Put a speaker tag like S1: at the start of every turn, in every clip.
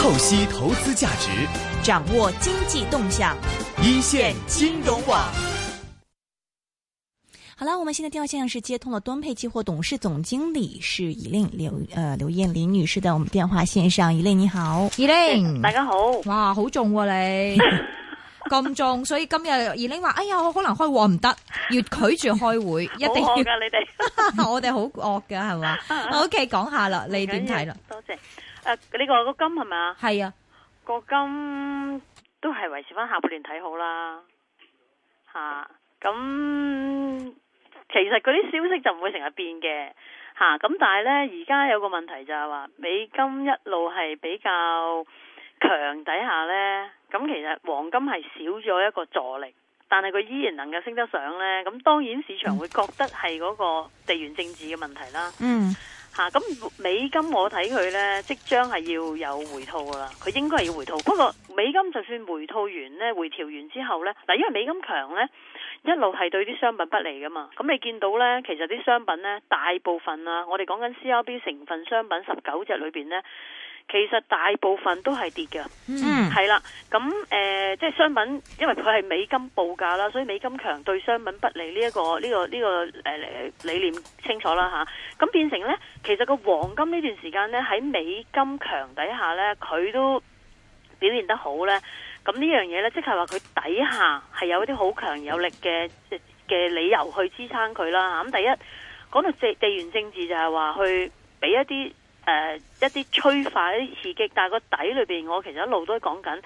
S1: 透析投資價值，掌握經濟動向，一線金融網。好啦，我們現在電話線上是接通了敦沛期貨董事總經理是以令劉呃劉艷玲女士的。我們電話線上，以令你好，怡令玲、嗯、大家好。哇，好重喔、啊、你，咁 重，所以今日怡令話，哎呀，我可能開會唔得，要拒絕開會， 一定。惡噶你哋，我哋好惡噶係嘛？OK，講下啦， 你點睇啦？多謝，
S2: 謝。誒，呢個個金係咪啊？係啊，個金都係維持翻下半年睇好啦。吓、啊，咁其實嗰啲消息就唔會成日變嘅。吓、啊，咁但係呢，而家有個問題就係話，美金一路係比較強底下呢，咁其實黃金係少咗一個助力，但係佢依然能夠升得上呢。咁當然市場會覺得係嗰個地緣政治嘅問題啦。嗯。吓咁、啊、美金我睇佢咧，即將係要有回吐噶啦，佢應該係要回吐，不過美金就算回吐完咧，回調完之後咧，嗱，因為美金強咧，一路係對啲商品不利噶嘛。咁你見到咧，其實啲商品咧，大部分啊，我哋講緊 C R B 成分商品十九隻裏邊咧。其實大部分都係跌嘅，嗯，係啦，咁誒、呃，即係商品，因為佢係美金報價啦，所以美金強對商品不利呢、呢、一個呢、呢個呢、呢個誒、呃、理念清楚啦吓，咁、啊、變成呢，其實個黃金呢段時間呢，喺美金強底下呢，佢都表現得好呢。咁呢樣嘢呢，即係話佢底下係有啲好強有力嘅嘅理由去支撐佢啦，咁第一講到地，地緣政治就係話去俾一啲。誒、呃，一啲催化、一啲刺激，但係個底裏邊，我其實一路都講緊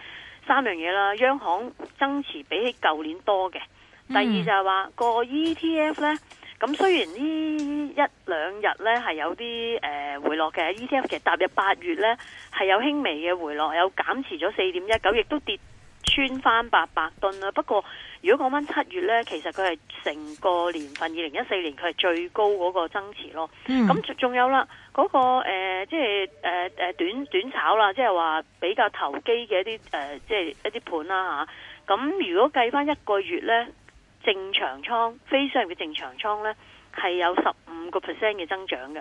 S2: 三樣嘢啦。央行增持比起舊年多嘅，第二就係話、嗯、個 ETF 呢，咁雖然呢一兩日呢係有啲誒、呃、回落嘅，ETF 其實踏入八月呢係有輕微嘅回落，有減持咗四點一九，亦都跌。穿翻八百噸啦，不過如果講翻七月呢，其實佢係成個年份二零一四年佢係最高嗰個增持咯。咁仲、mm hmm. 有啦，嗰、那個誒、呃，即係誒誒，短短炒啦，即係話比較投機嘅一啲誒、呃，即係一啲盤啦吓。咁、啊、如果計翻一個月呢，正常倉、非商業嘅正常倉呢，係有十五個 percent 嘅增長嘅。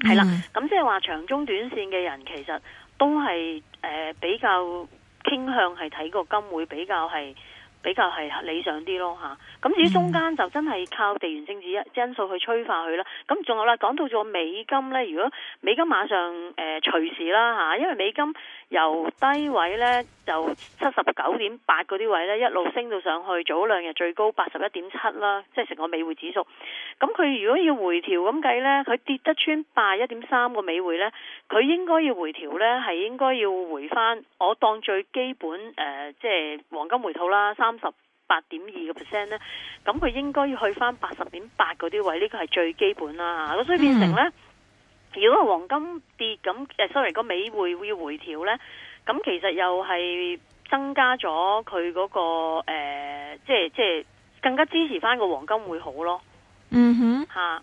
S2: 係、mm hmm. 啦，咁即係話長中短線嘅人其實都係誒、呃、比較。傾向係睇個金會比較係比較係理想啲咯吓，咁至於中間就真係靠地緣政治因素去催化佢啦。咁仲有啦，講到咗美金咧，如果美金馬上誒隨、呃、時啦吓，因為美金。由低位咧就七十九點八嗰啲位咧一路升到上去，早兩日最高八十一點七啦，即係成個美匯指數。咁佢如果要回調咁計咧，佢跌得穿八一點三個美匯咧，佢應該要回調咧係應該要回翻。我當最基本誒，即、呃、係、就是、黃金回吐啦，三十八點二個 percent 咧，咁佢應該要去翻八十點八嗰啲位，呢、呢個係最基本啦。咁所以變成咧。嗯如果黃金跌咁，sorry 個美匯會回調咧，咁其實又係增加咗佢嗰個、呃、即係即係更加支持返個黃金會好咯。
S1: 嗯哼、
S2: mm，hmm.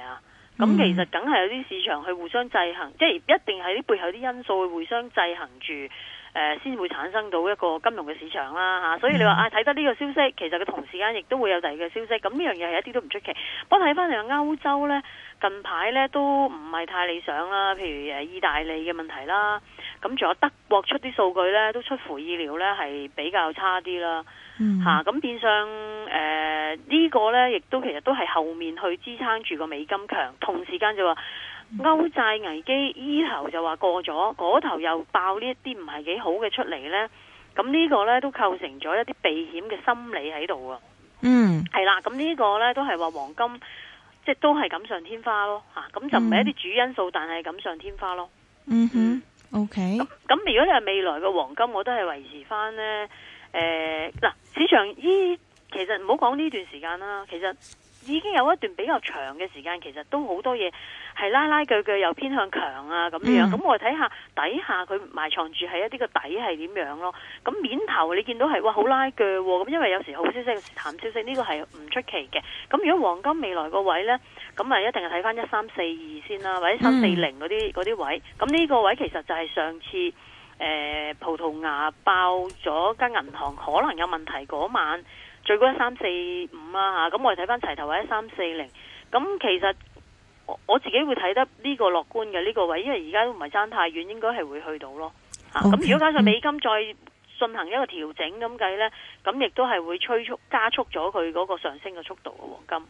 S2: 咁，嗯，其實梗係有啲市場去互相制衡，即係一定係啲背後啲因素去互相制衡住。誒，先、呃、會產生到一個金融嘅市場啦，吓、啊，所以你話啊，睇得呢個消息，其實佢同時間亦都會有第二個消息，咁呢樣嘢係一啲都唔出奇。我睇翻嚟歐洲呢，近排呢都唔係太理想啦，譬如誒意大利嘅問題啦，咁仲有德國出啲數據呢，都出乎意料呢係比較差啲啦，吓、嗯啊，咁變相誒呢、呃這個呢，亦都其實都係後面去支撐住個美金強，同時間就話。歐債危機依頭就話過咗，嗰頭又爆呢一啲唔係幾好嘅出嚟呢。咁呢個呢都構成咗一啲避險嘅心理喺度啊。嗯，係啦，咁呢個呢都係話黃金，即係都係錦上添花咯。吓，咁就唔係一啲主因素，但係錦上添花咯。嗯
S1: 哼，OK。
S2: 咁咁如果你係未來嘅黃金，我都係維持翻呢。嗱、呃啊，市場依其實唔好講呢段時間啦，其實。其實已經有一段比較長嘅時間，其實都好多嘢係拉拉鋸鋸，又偏向強啊咁樣。咁、嗯、我哋睇下底下佢埋藏住係一啲個底係點樣咯。咁面頭你見到係哇好拉鋸咁，因為有時好消息，有時淡消息呢個係唔出奇嘅。咁如果黃金未來個位呢，咁咪一定係睇翻一三四二先啦，或者三四零嗰啲啲位。咁呢個位其實就係上次。誒、呃，葡萄牙爆咗間銀行可能有問題嗰晚，最高一三四五啦，吓，咁我哋睇翻齊頭位一三四零，咁其實我，我自己會睇得呢個樂觀嘅呢、這個位置，因為而家都唔係差太遠，應該係會去到咯。咁 Okay.、啊、如果加上美金再進行一個調整咁計呢，咁亦都係會催促加速咗佢嗰個上升嘅速度嘅黃金。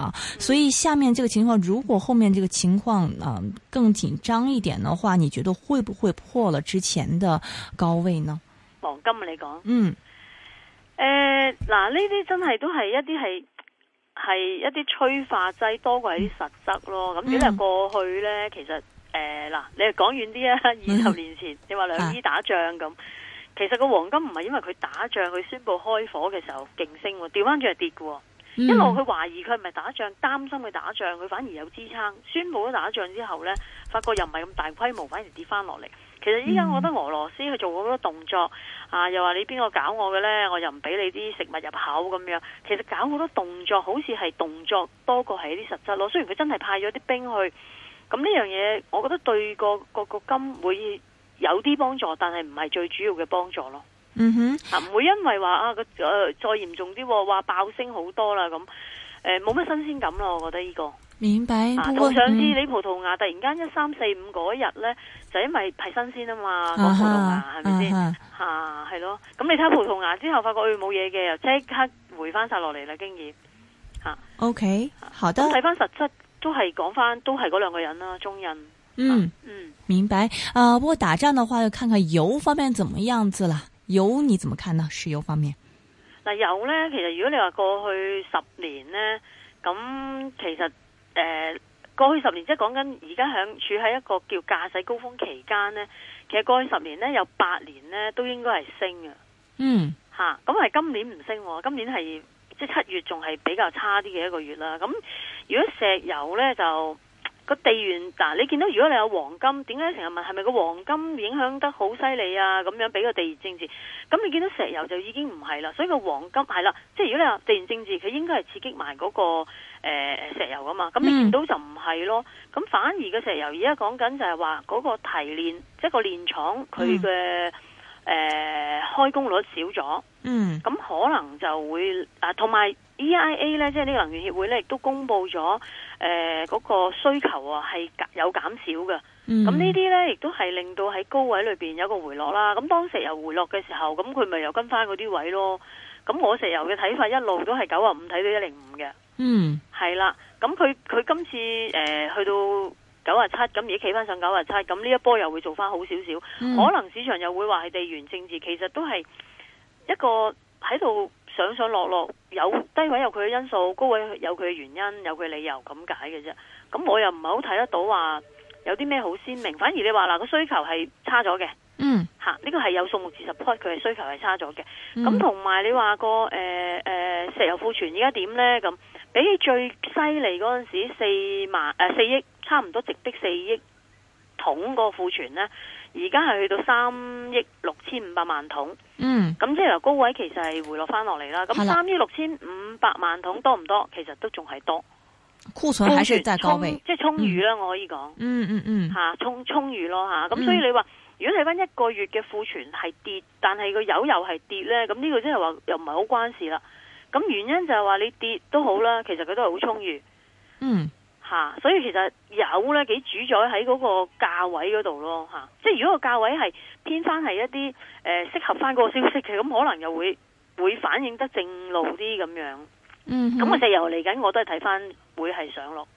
S1: 嗯、所以下面這個情況，如果後面這個情況、呃、更緊張一點的話，你覺得會不會破了之前的高位呢？
S2: 黃金、啊、你講，嗯，誒、呃，嗱，呢啲真係都係一啲係係一啲催化劑多過一啲實質咯。咁如果係過去呢，嗯、其實誒嗱、呃，你係講遠啲啊，二十年前，嗯、你話兩伊打仗咁，是其實個黃金唔係因為佢打仗，佢宣佈開火嘅時候勁升，調翻轉係跌嘅。一路佢懷疑佢唔係打仗，擔心佢打仗，佢反而有支撐。宣布咗打仗之後呢，發覺又唔係咁大規模，反而跌翻落嚟。其實依家我覺得俄羅斯佢做好多動作，啊，又話你邊個搞我嘅呢？我又唔俾你啲食物入口咁樣。其實搞好多動作，好似係動作多過係一啲實質咯。雖然佢真係派咗啲兵去，咁呢樣嘢，我覺得對個個個金會有啲幫助，但係唔係最主要嘅幫助咯。嗯哼，唔、啊、會因為話啊個、呃、再嚴重啲，話爆升好多啦咁，誒冇乜新鮮感咯，我覺得呢、這個明白。同上次你葡萄牙、嗯、突然間一三四五嗰日咧，就因為係新鮮啊嘛，講葡萄牙係咪先吓？係咯，咁你睇葡萄牙之後發覺佢冇嘢嘅，又即刻回翻晒落嚟啦，經驗吓。
S1: 啊、OK，好的。睇
S2: 翻、啊、實質都係講翻都係嗰兩個人啦，中印。嗯
S1: 嗯，啊、嗯明白。啊，不過打仗嘅話要看看油方面怎麼樣子啦。油你怎麼看呢？石油方面，
S2: 嗱油呢，其實如果你話過去十年呢，咁其實誒、呃、過去十年即係講緊而家響處喺一個叫駕駛高峰期間呢，其實過去十年呢，有八年呢，都應該係升嘅，嗯吓，咁係、啊、今年唔升，今年係即係七月仲係比較差啲嘅一個月啦。咁如果石油呢，就。個地緣嗱、啊，你見到如果你有黃金，點解成日問係咪個黃金影響得好犀利啊？咁樣俾個地緣政治，咁你見到石油就已經唔係啦。所以個黃金係啦，即係如果你話地緣政治，佢應該係刺激埋嗰、嗰個誒、呃、石油噶嘛。咁你見到就唔係咯。咁、嗯、反而個石油而家講緊就係話嗰個提煉，即、就、係、係、個煉廠佢嘅誒開工率少咗。嗯，咁可能就會啊，同埋。EIA 咧，e、IA，即係呢個能源協會咧，亦都公布咗誒，嗰、呃那個需求啊，係有減少嘅。咁、嗯、呢啲咧，亦都係令到喺高位裏邊有個回落啦。咁當石油回落嘅時候，咁佢咪又跟翻嗰啲位咯。咁我石油嘅睇法一路都係九啊五睇到一零五嘅。嗯，係啦。咁佢佢今次誒、呃、去到九啊七，咁而家企翻上九啊七，咁呢一波又會做翻好少少。嗯、可能市場又會話係地緣政治，其實都係一個喺度。上上落落有低位有佢嘅因素，高位有佢嘅原因，有佢嘅理由咁解嘅啫。咁我又唔係好睇得到話有啲咩好鮮明，反而你話嗱個需求係差咗嘅，嗯吓，呢個係有數目 support 佢嘅需求係差咗嘅。咁同埋你話、嗰個誒誒、呃呃、石油庫存依家點咧？咁比起最犀利嗰陣時四萬誒四億，差唔多直逼四億。桶個庫存呢，而家係去到三億六千五百萬桶。嗯，咁即係由高位其實係回落翻落嚟啦。咁三的億六千五百萬桶多唔多？其實都仲係多。庫存還是即係充裕啦，嗯、我可以講、嗯。嗯嗯嗯，嚇充充裕咯嚇。咁、嗯、所以你話，如果睇翻一個月嘅庫存係跌，但係個油又係跌呢？咁呢個即係話又唔係好關事啦。咁原因就係話你跌都好啦，其實佢都係好充裕。嗯。吓、啊，所以其實有咧幾主宰喺嗰個價位嗰度咯，吓、啊，即係如果個價位係偏翻係一啲誒適合翻個消息嘅，咁可能又會會反映得正路啲咁樣。
S1: 嗯，咁個石
S2: 油嚟緊我都係睇翻會係上落，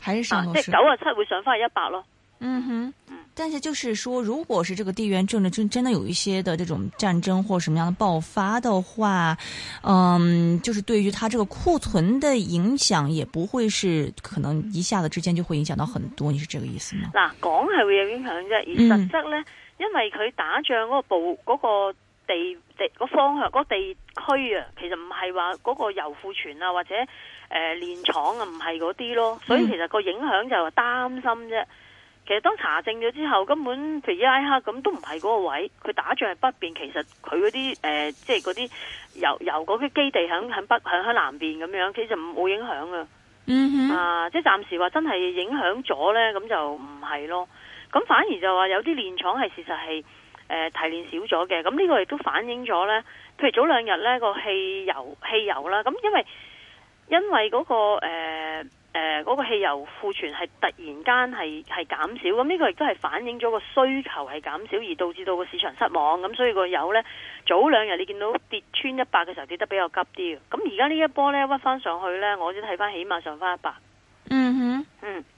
S1: 喺上落，即係
S2: 九啊七會上翻去一百咯。嗯哼。
S1: 但是就是說，如果是這個地緣政治真真的有一些的這種戰爭或什麼樣的爆發的話，嗯，就是對於它這個庫存的影響也不會是可能一下子之間就會影響到很多，你是這個意思嗎？
S2: 嗱，講係會有影響啫，而實質呢、嗯、因為佢打仗嗰個部嗰、嗰個地地、嗰個方向、嗰個地區啊，其實唔係話嗰個油庫存啊或者誒煉廠啊，唔係嗰啲咯，所以其實嗰個影響就係擔心啫。其實當查證咗之後，根本譬如伊拉克咁都唔係嗰個位，佢打仗係北邊，其實佢嗰啲誒，即係嗰啲油油嗰啲基地響響北響響南邊咁樣，其實冇影響啊。Mm hmm. 啊，即係暫時話真係影響咗呢，咁就唔係咯。咁反而就話有啲煉廠係事實係誒、呃、提煉少咗嘅，咁呢個亦都反映咗呢，譬如早兩日呢、嗰個汽油汽油啦，咁因為因為嗰、嗰個誒。呃誒，嗰個汽油庫存係突然間係係減少，咁呢個亦都係反映咗個需求係減少，而導致到個市場失望，咁所以個油呢，早兩日你見到跌穿一百嘅時候跌得比較急啲嘅，咁而家呢一波呢，屈翻上去呢，我先睇翻起碼上翻一百。嗯哼、
S1: mm，hmm. 嗯。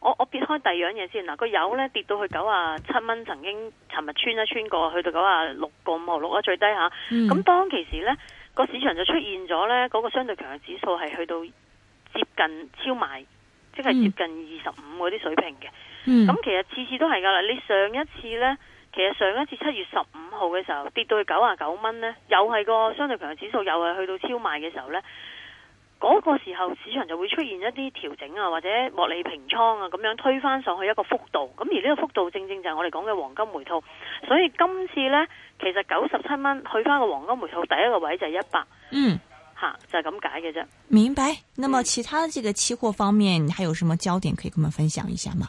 S2: 我我撇開第二樣嘢先嗱，個油咧跌到去九啊七蚊，曾經尋日穿一穿過去到九啊六個五毫六啦，最低下咁、mm. 當其時咧，個市場就出現咗咧，嗰個相對強嘅指數係去到接近超賣，即、就、係、是、接近二十五嗰啲水平嘅。咁、mm. 其實次次都係噶啦，你上一次咧，其實上一次七月十五號嘅時候跌到去九啊九蚊咧，又係個相對強嘅指數又係去到超賣嘅時候咧。嗰個時候市場就會出現一啲調整啊，或者獲利平倉啊，咁樣推翻上去一個幅度。咁而呢個幅度正正就係我哋講嘅黃金回吐。所以今次呢，其實九十七蚊去翻個黃金回吐，第一個位就係一百。嗯，吓就係咁解嘅啫。
S1: 明白。那麼其他嘅這個期貨方面，你還有什麼焦點可以跟我們分享一
S2: 下嘛？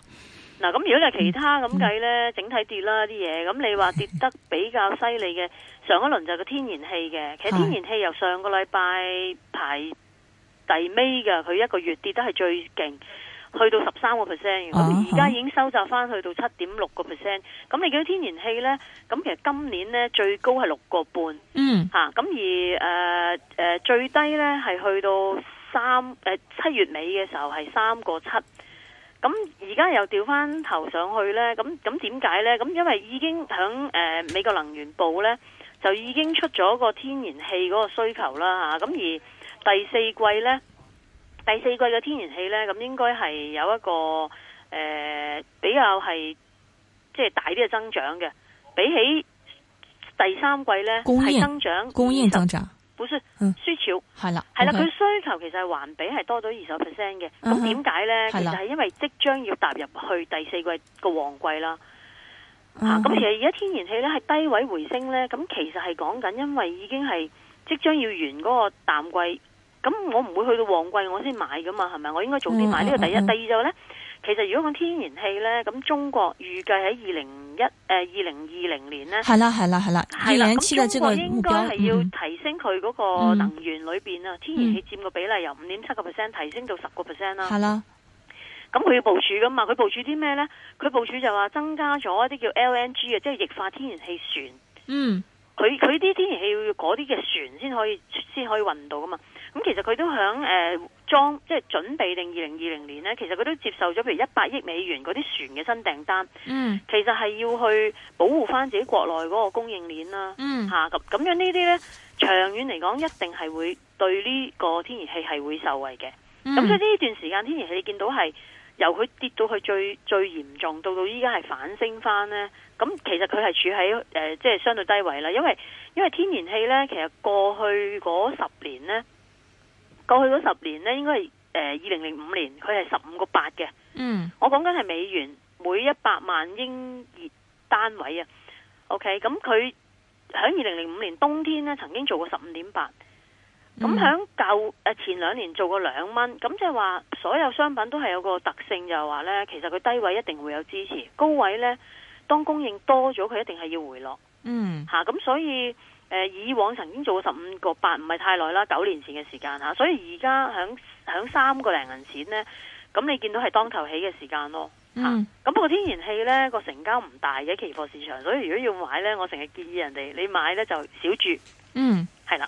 S2: 嗱、嗯，咁如果係其他咁計呢，整體跌啦啲嘢。咁你話跌得比較犀利嘅， 上一輪就係個天然氣嘅。其實天然氣由上個禮拜排。第尾嘅佢一個月跌得係最勁，去到十三個 percent，而家已經收窄翻去到七點六個 percent。咁你見到天然氣呢，咁其實今年呢最高係六個半，嗯吓、mm. 啊，咁而誒誒、呃呃、最低呢係去到三誒七月尾嘅時候係三個七，咁而家又調翻頭上去呢，咁咁點解呢？咁因為已經響誒、呃、美國能源部呢，就已經出咗個天然氣嗰個需求啦吓，咁、啊啊、而。第四季呢，第四季嘅天然氣呢，咁應該係有一個誒、呃、比較係即係大啲嘅增長嘅，比起第三季呢係願增長，供應增長，本需需求
S1: 係啦係啦，佢 okay, 需
S2: 求其實係環比係多咗二十 percent 嘅。咁點解呢？嗯、哼其實係因為即將要踏入去第四季嘅旺季啦。咁、嗯哼啊、其實而家天然氣呢係低位回升呢。咁其實係講緊因為已經係即將要完嗰個淡季。咁我唔會去到旺季我先買噶嘛，係咪？我應該早啲買呢個、嗯、第一。嗯嗯、第二就呢、是，其實如果講天然氣呢，咁中國預計喺二零一誒二零二零年呢，係啦係
S1: 啦係啦，二零中國應該係要提
S2: 升佢嗰個能源裏邊啊，嗯、天然氣佔個比例由五點七個 percent 提升到十個 percent 啦。係、啊、啦，咁佢的要部署噶嘛？佢部署啲咩呢？佢部署就話增加咗一啲叫 LNG 嘅，即係液化天然氣船。嗯。佢佢啲天然氣要嗰啲嘅船先可以先可以運到噶嘛？咁其實佢都響誒裝，即係準備定二零二零年咧，其實佢都、呃、都接受咗譬如一百億美元嗰啲船嘅新訂單。嗯，其實係要去保護翻自己國內嗰個供應鏈啦。嗯，吓咁咁樣這呢啲咧，長遠嚟講一定係會對呢個天然氣係會受惠嘅。咁、嗯、所以呢段時間天然氣你見到係。由佢跌到去最最嚴重，到到依家係反升翻呢。咁其實佢係處喺誒，即係相對低位啦。因為因為天然氣呢，其實過去嗰十年呢，過去嗰十年呢，應該係誒二零零五年，佢係十五個八嘅。嗯，mm. 我講緊係美元每一百萬英熱單位啊。OK，咁佢喺二零零五年冬天呢，曾經做過十五點八。咁喺舊誒前兩年做過兩蚊，咁即係話所有商品都係有個特性，就係話呢，其實佢低位一定會有支持，高位呢，當供應多咗，佢一定係要回落。嗯，吓咁、啊、所以、呃、以往曾經做過十五個八，唔係太耐啦，九年前嘅時間吓、啊，所以而家響響三個零銀錢呢，咁你見到係當頭起嘅時間咯。咁不過天然氣呢個成交唔大嘅期貨市場，所以如果要買呢，我成日建議人哋你買呢就小注。
S1: 嗯，
S2: 係啦。